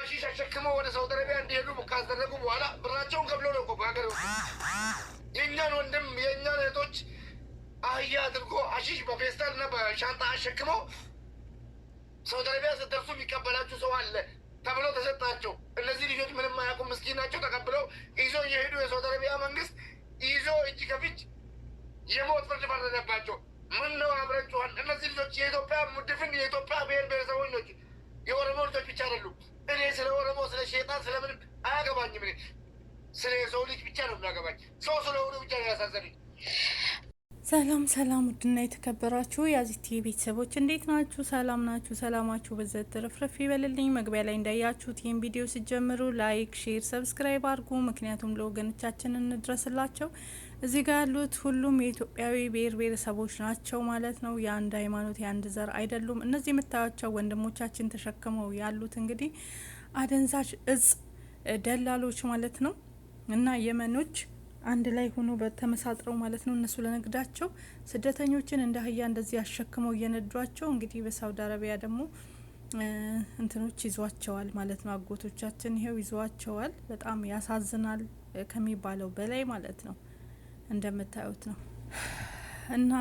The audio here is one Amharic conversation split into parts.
ሀሺሽ አሸክመው ወደ ሳውዲ አረቢያ እንዲሄዱ ካስደረጉ በኋላ ብራቸውን ከብሎ ነው እኮ በሀገር የእኛን ወንድም የእኛን እህቶች አህያ አድርጎ ሀሺሽ በፌስታል እና በሻንጣ አሸክመው ሳውዲ አረቢያ ስትደርሱ የሚቀበላችሁ ሰው አለ ተብሎ ተሰጣቸው። እነዚህ ልጆች ምንም አያውቁም፣ ምስኪን ናቸው። ተቀብለው ይዞ እየሄዱ የሳውዲ አረቢያ መንግስት ይዞ እጅ ከፍንጅ የሞት ፍርድ ፈረደባቸው። ምን ነው አብረችኋል? እነዚህ ልጆች የኢትዮጵያ ድፍን የኢትዮጵያ ብሄር ነው የሚያገባኝ። ሰው ስለሆነ ብቻ ነው ያሳዘነኝ። ሰላም ሰላም፣ ውድና የተከበራችሁ ቲቪ ቤተሰቦች እንዴት ናችሁ? ሰላም ናችሁ? ሰላማችሁ በዘት ትርፍርፍ ይበልልኝ። መግቢያ ላይ እንዳያችሁት ይህን ቪዲዮ ሲጀምሩ ላይክ፣ ሼር፣ ሰብስክራይብ አድርጉ። ምክንያቱም ለወገኖቻችን እንድረስላቸው። እዚህ ጋር ያሉት ሁሉም የኢትዮጵያዊ ብሔር ብሔረሰቦች ናቸው ማለት ነው። የአንድ ሃይማኖት የአንድ ዘር አይደሉም። እነዚህ የምታያቸው ወንድሞቻችን ተሸክመው ያሉት እንግዲህ አደንዛዥ እጽ ደላሎች ማለት ነው። እና የመኖች አንድ ላይ ሆኖ በተመሳጥረው ማለት ነው እነሱ ለንግዳቸው ስደተኞችን እንደ አህያ እንደዚህ አሸክመው እየነዷቸው እንግዲህ በሳውዲ አረቢያ ደግሞ እንትኖች ይዟቸዋል ማለት ነው። አጎቶቻችን ይሄው ይዟቸዋል። በጣም ያሳዝናል ከሚባለው በላይ ማለት ነው። እንደምታዩት ነው እና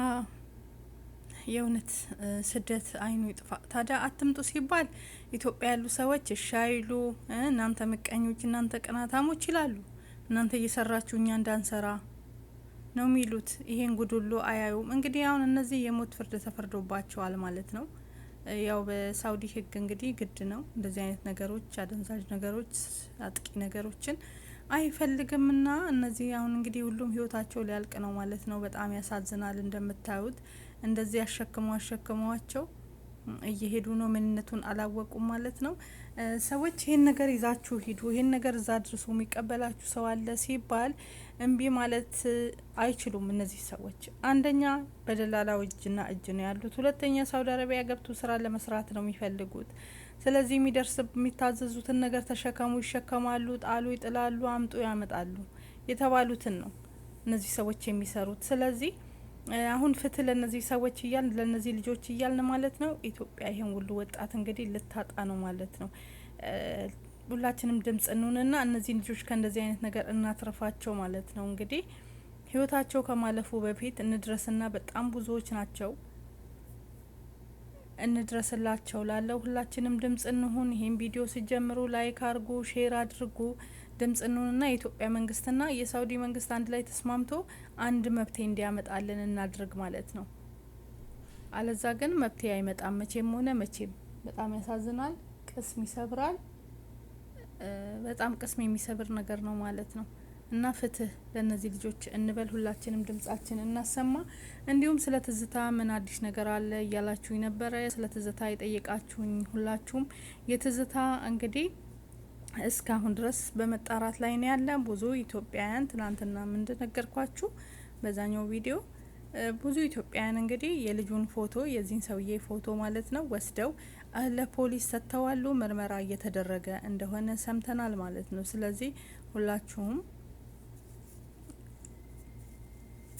የእውነት ስደት አይኑ ይጥፋ። ታዲያ አትምጡ ሲባል ኢትዮጵያ ያሉ ሰዎች እሻይሉ እናንተ ምቀኞች፣ እናንተ ቅናታሞች ይላሉ። እናንተ እየሰራችሁ እኛ እንዳንሰራ ነው የሚሉት። ይሄን ጉድ ሁሉ አያዩም። እንግዲህ አሁን እነዚህ የሞት ፍርድ ተፈርዶባቸዋል ማለት ነው። ያው በሳውዲ ህግ እንግዲህ ግድ ነው እንደዚህ አይነት ነገሮች፣ አደንዛዥ ነገሮች፣ አጥቂ ነገሮችን ና እነዚህ አሁን እንግዲህ ሁሉም ህይወታቸው ሊያልቅ ነው ማለት ነው። በጣም ያሳዝናል። እንደምታዩት እንደዚህ አሸክመው አሸክመዋቸው እየሄዱ ነው። ምንነቱን አላወቁም ማለት ነው። ሰዎች ይህን ነገር ይዛችሁ ሂዱ፣ ይህን ነገር እዛ ድርሱ፣ የሚቀበላችሁ ሰው አለ ሲባል እምቢ ማለት አይችሉም። እነዚህ ሰዎች አንደኛ በደላላው እጅና እጅ ነው ያሉት፣ ሁለተኛ ሳውዲ አረቢያ ገብቶ ስራ ለመስራት ነው የሚፈልጉት። ስለዚህ የሚደርስ የሚታዘዙትን ነገር ተሸከሙ ይሸከማሉ፣ ጣሉ ይጥላሉ፣ አምጡ ያመጣሉ የተባሉትን ነው እነዚህ ሰዎች የሚሰሩት። ስለዚህ አሁን ፍትህ ለነዚህ ሰዎች እያልን ለነዚህ ልጆች እያልን ማለት ነው። ኢትዮጵያ ይሄን ሁሉ ወጣት እንግዲህ ልታጣ ነው ማለት ነው። ሁላችንም ድምጽ እንሁንና እነዚህን ልጆች ከእንደዚህ አይነት ነገር እናትርፋቸው ማለት ነው። እንግዲህ ህይወታቸው ከማለፉ በፊት እንድረስና በጣም ብዙዎች ናቸው። እንድረስላቸው ላለው ሁላችንም ድምጽ እንሁን። ይህን ቪዲዮ ሲጀምሩ ላይክ አድርጉ፣ ሼር አድርጉ። ድምጽ እንሆንና የኢትዮጵያ መንግስትና የሳውዲ መንግስት አንድ ላይ ተስማምቶ አንድ መብቴ እንዲያመጣልን እናድርግ ማለት ነው። አለዛ ግን መብቴ አይመጣም መቼም ሆነ መቼም። በጣም ያሳዝናል፣ ቅስም ይሰብራል። በጣም ቅስም የሚሰብር ነገር ነው ማለት ነው። እና ፍትህ ለእነዚህ ልጆች እንበል፣ ሁላችንም ድምጻችን እናሰማ። እንዲሁም ስለ ትዝታ ምን አዲስ ነገር አለ እያላችሁኝ ነበረ። ስለ ትዝታ የጠየቃችሁኝ ሁላችሁም የትዝታ እንግዲህ እስካሁን ድረስ በመጣራት ላይ ነው ያለ። ብዙ ኢትዮጵያውያን ትናንትና እንደነገርኳችሁ በዛኛው ቪዲዮ ብዙ ኢትዮጵያውያን እንግዲህ የልጁን ፎቶ የዚህን ሰውዬ ፎቶ ማለት ነው ወስደው ለፖሊስ ሰጥተዋሉ። ምርመራ እየተደረገ እንደሆነ ሰምተናል ማለት ነው። ስለዚህ ሁላችሁም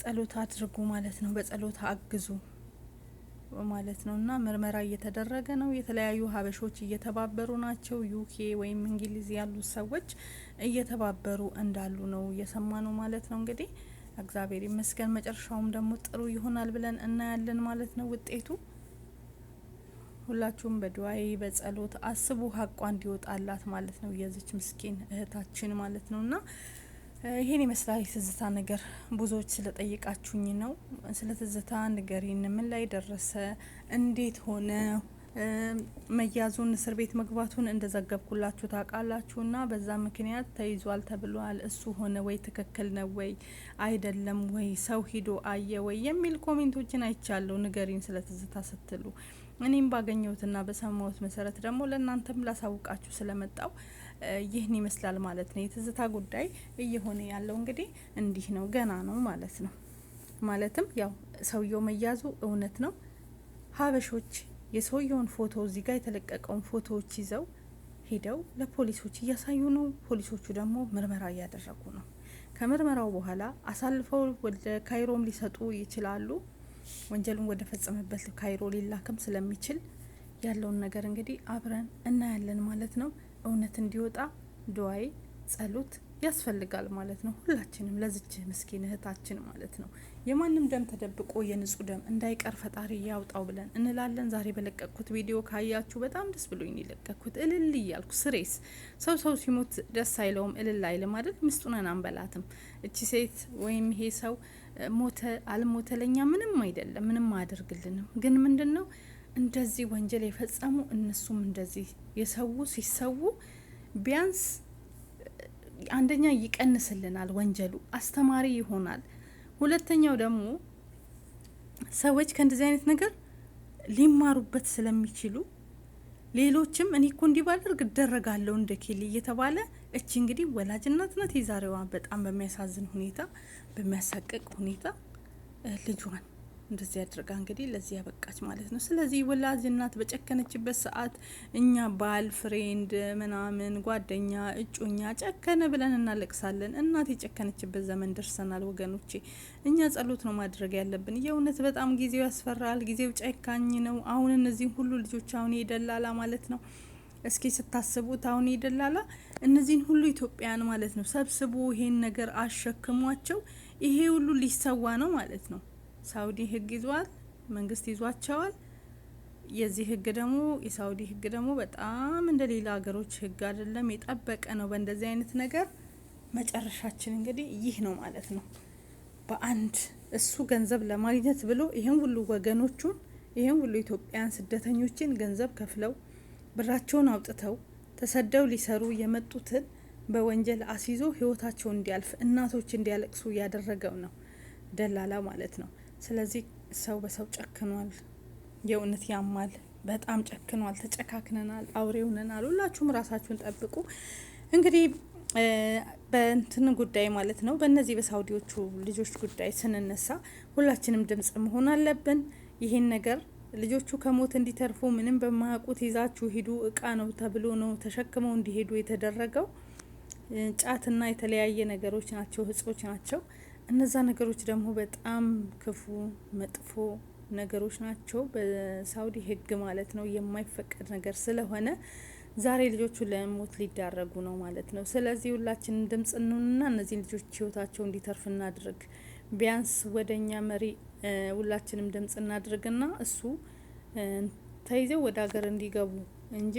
ጸሎት አድርጉ ማለት ነው። በጸሎት አግዙ። ማለት ነው። እና ምርመራ እየተደረገ ነው። የተለያዩ ሀበሾች እየተባበሩ ናቸው። ዩኬ ወይም እንግሊዝ ያሉት ሰዎች እየተባበሩ እንዳሉ ነው እየሰማ ነው ማለት ነው። እንግዲህ እግዚአብሔር ይመስገን፣ መጨረሻውም ደግሞ ጥሩ ይሆናል ብለን እናያለን ማለት ነው ውጤቱ። ሁላችሁም በዱዋይ በጸሎት አስቡ፣ ሀቋ እንዲወጣላት ማለት ነው የዚች ምስኪን እህታችን ማለት ነው እና ይሄን ይመስላል የትዝታ ነገር። ብዙዎች ስለጠይቃችሁኝ ነው። ስለ ትዝታ ንገሪን፣ ምን ላይ ደረሰ፣ እንዴት ሆነ መያዙን እስር ቤት መግባቱን እንደዘገብኩላችሁ ታውቃላችሁ። በዛ ምክንያት ተይዟል ተብሏል። እሱ ሆነ ወይ ትክክል ነው ወይ አይደለም ወይ ሰው ሂዶ አየ ወይ የሚል ኮሜንቶችን አይቻለሁ። ንገሪን ስለ ትዝታ ስትሉ እኔም ባገኘሁትና በሰማሁት መሰረት ደግሞ ለእናንተም ላሳውቃችሁ ስለመጣው ይህን ይመስላል ማለት ነው። የትዝታ ጉዳይ እየሆነ ያለው እንግዲህ እንዲህ ነው፣ ገና ነው ማለት ነው። ማለትም ያው ሰውየው መያዙ እውነት ነው። ሀበሾች የሰውየውን ፎቶ እዚህ ጋር የተለቀቀውን ፎቶዎች ይዘው ሄደው ለፖሊሶች እያሳዩ ነው። ፖሊሶቹ ደግሞ ምርመራ እያደረጉ ነው። ከምርመራው በኋላ አሳልፈው ወደ ካይሮም ሊሰጡ ይችላሉ። ወንጀሉን ወደ ፈጸመበት ካይሮ ሊላክም ስለሚችል ያለውን ነገር እንግዲህ አብረን እናያለን ማለት ነው። እውነት እንዲወጣ ድዋይ ጸሎት ያስፈልጋል ማለት ነው። ሁላችንም ለዚች ምስኪን እህታችን ማለት ነው የማንም ደም ተደብቆ የንጹህ ደም እንዳይቀር ፈጣሪ ያውጣው ብለን እንላለን። ዛሬ በለቀቅኩት ቪዲዮ ካያችሁ በጣም ደስ ብሎኝ የለቀቅኩት እልል እያልኩ ስሬስ ሰው ሰው ሲሞት ደስ አይለውም እልል አይልም አይደል? ምስጡነን አንበላትም። እቺ ሴት ወይም ይሄ ሰው ሞተ አልሞተ ለኛ ምንም አይደለም፣ ምንም አያደርግልንም። ግን ምንድን ነው እንደዚህ ወንጀል የፈጸሙ እነሱም እንደዚህ የሰው ሲሰዉ ቢያንስ አንደኛ ይቀንስልናል፣ ወንጀሉ አስተማሪ ይሆናል። ሁለተኛው ደግሞ ሰዎች ከእንደዚህ አይነት ነገር ሊማሩበት ስለሚችሉ ሌሎችም እኔ እኮ እንዲህ ባደርግ እደረጋለሁ እንደ ኬሊ እየተባለ እቺ እንግዲህ ወላጅናት ናት የዛሬዋ በጣም በሚያሳዝን ሁኔታ በሚያሳቅቅ ሁኔታ ልጇን እንደዚህ አድርጋ እንግዲህ ለዚህ ያበቃች ማለት ነው። ስለዚህ ወላጅ እናት በጨከነችበት ሰዓት እኛ ባል፣ ፍሬንድ፣ ምናምን ጓደኛ፣ እጩኛ ጨከነ ብለን እናለቅሳለን። እናት የጨከነችበት ዘመን ደርሰናል ወገኖቼ። እኛ ጸሎት ነው ማድረግ ያለብን። የእውነት በጣም ጊዜው ያስፈራል። ጊዜው ጨካኝ ነው። አሁን እነዚህ ሁሉ ልጆች አሁን የደላላ ማለት ነው እስኪ ስታስቡት አሁን የደላላ እነዚህን ሁሉ ኢትዮጵያን ማለት ነው ሰብስቦ ይሄን ነገር አሸክሟቸው ይሄ ሁሉ ሊሰዋ ነው ማለት ነው። ሳውዲ ህግ ይዟል፣ መንግስት ይዟቸዋል። የዚህ ህግ ደግሞ የሳውዲ ህግ ደግሞ በጣም እንደ ሌላ ሀገሮች ህግ አይደለም፣ የጠበቀ ነው። በእንደዚህ አይነት ነገር መጨረሻችን እንግዲህ ይህ ነው ማለት ነው። በአንድ እሱ ገንዘብ ለማግኘት ብሎ ይህን ሁሉ ወገኖቹን ይህን ሁሉ ኢትዮጵያን ስደተኞችን ገንዘብ ከፍለው ብራቸውን አውጥተው ተሰደው ሊሰሩ የመጡትን በወንጀል አስይዞ ህይወታቸው እንዲያልፍ እናቶች እንዲያለቅሱ ያደረገው ነው ደላላ ማለት ነው። ስለዚህ ሰው በሰው ጨክኗል። የእውነት ያማል። በጣም ጨክኗል። ተጨካክነናል። አውሬ ሆነናል። ሁላችሁም ራሳችሁን ጠብቁ። እንግዲህ በእንትን ጉዳይ ማለት ነው በእነዚህ በሳውዲዎቹ ልጆች ጉዳይ ስንነሳ ሁላችንም ድምጽ መሆን አለብን። ይሄን ነገር ልጆቹ ከሞት እንዲተርፉ ምንም በማያውቁት ይዛችሁ ሂዱ እቃ ነው ተብሎ ነው ተሸክመው እንዲሄዱ የተደረገው። ጫትና የተለያየ ነገሮች ናቸው፣ እጾች ናቸው። እነዛ ነገሮች ደግሞ በጣም ክፉ መጥፎ ነገሮች ናቸው። በሳውዲ ህግ ማለት ነው የማይፈቀድ ነገር ስለሆነ ዛሬ ልጆቹ ለሞት ሊዳረጉ ነው ማለት ነው። ስለዚህ ሁላችንን ድምጽ እንሆንና እነዚህ ልጆች ህይወታቸው እንዲተርፍ እናድርግ። ቢያንስ ወደኛ መሪ ሁላችንም ድምጽ እናድርግና እሱ ተይዘው ወደ ሀገር እንዲገቡ እንጂ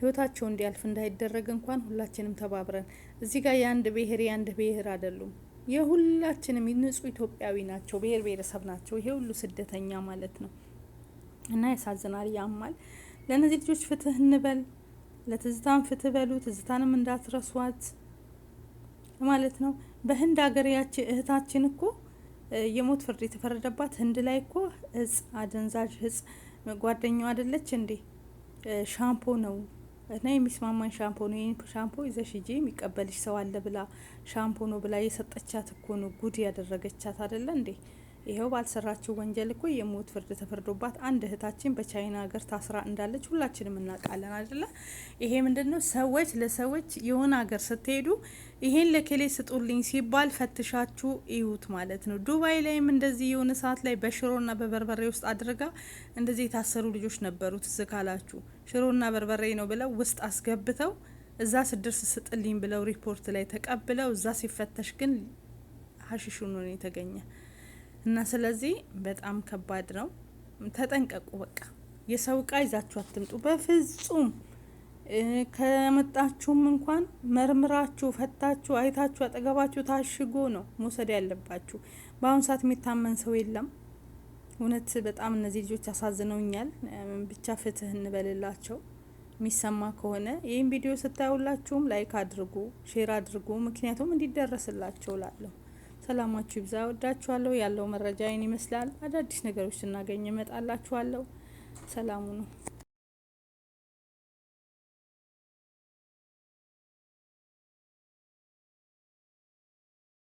ህይወታቸው እንዲያልፍ እንዳይደረግ እንኳን ሁላችንም ተባብረን እዚህ ጋር የአንድ ብሄር የአንድ ብሄር አይደሉም። የሁላችንም ንጹህ ኢትዮጵያዊ ናቸው፣ ብሄር ብሄረሰብ ናቸው። ይሄ ሁሉ ስደተኛ ማለት ነው እና ያሳዝናል፣ ያማል። ለእነዚህ ልጆች ፍትህ እንበል፣ ለትዝታን ፍትህ በሉ፣ ትዝታንም እንዳትረሷት ማለት ነው። በህንድ ሀገር እህታችን እኮ የሞት ፍርድ የተፈረደባት ህንድ ላይ እኮ እጽ አደንዛዥ እጽ ጓደኛው አይደለች እንዴ ሻምፖ ነው እና የሚስማማን ሻምፖ ነው ይህን ሻምፖ ይዘሽ ሂጂ የሚቀበልሽ ሰው አለ ብላ ሻምፖ ነው ብላ የሰጠቻት እኮ ነው ጉድ ያደረገቻት አደለ እንዴ? ይኸው ባልሰራችው ወንጀል እኮ የሞት ፍርድ ተፈርዶባት አንድ እህታችን በቻይና ሀገር ታስራ እንዳለች ሁላችንም እናውቃለን አይደለ? ይሄ ምንድን ነው? ሰዎች ለሰዎች የሆነ ሀገር ስትሄዱ ይሄን ለከሌ ስጡልኝ ሲባል ፈትሻችሁ እዩት ማለት ነው። ዱባይ ላይም እንደዚህ የሆነ ሰዓት ላይ በሽሮና በበርበሬ ውስጥ አድርጋ እንደዚህ የታሰሩ ልጆች ነበሩ። ትዝ ካላችሁ ሽሮና በርበሬ ነው ብለው ውስጥ አስገብተው እዛ ስድርስ ስጥልኝ ብለው ሪፖርት ላይ ተቀብለው እዛ ሲፈተሽ ግን ሀሽሹ ነው የተገኘ። እና ስለዚህ በጣም ከባድ ነው። ተጠንቀቁ። በቃ የሰው እቃ ይዛችሁ አትምጡ በፍጹም። ከመጣችሁም እንኳን መርምራችሁ ፈታችሁ አይታችሁ አጠገባችሁ ታሽጎ ነው መውሰድ ያለባችሁ። በአሁኑ ሰዓት የሚታመን ሰው የለም። እውነት በጣም እነዚህ ልጆች አሳዝነውኛል። ብቻ ፍትህ እንበልላቸው የሚሰማ ከሆነ ይህም ቪዲዮ ስታዩላችሁም ላይክ አድርጉ፣ ሼር አድርጉ። ምክንያቱም እንዲደረስላቸው ላለሁ ሰላማችሁ ይብዛ። ወዳችኋለሁ። ያለው መረጃ ይህን ይመስላል። አዳዲስ ነገሮች ስናገኝ እመጣላችኋለሁ። ሰላሙ ነው።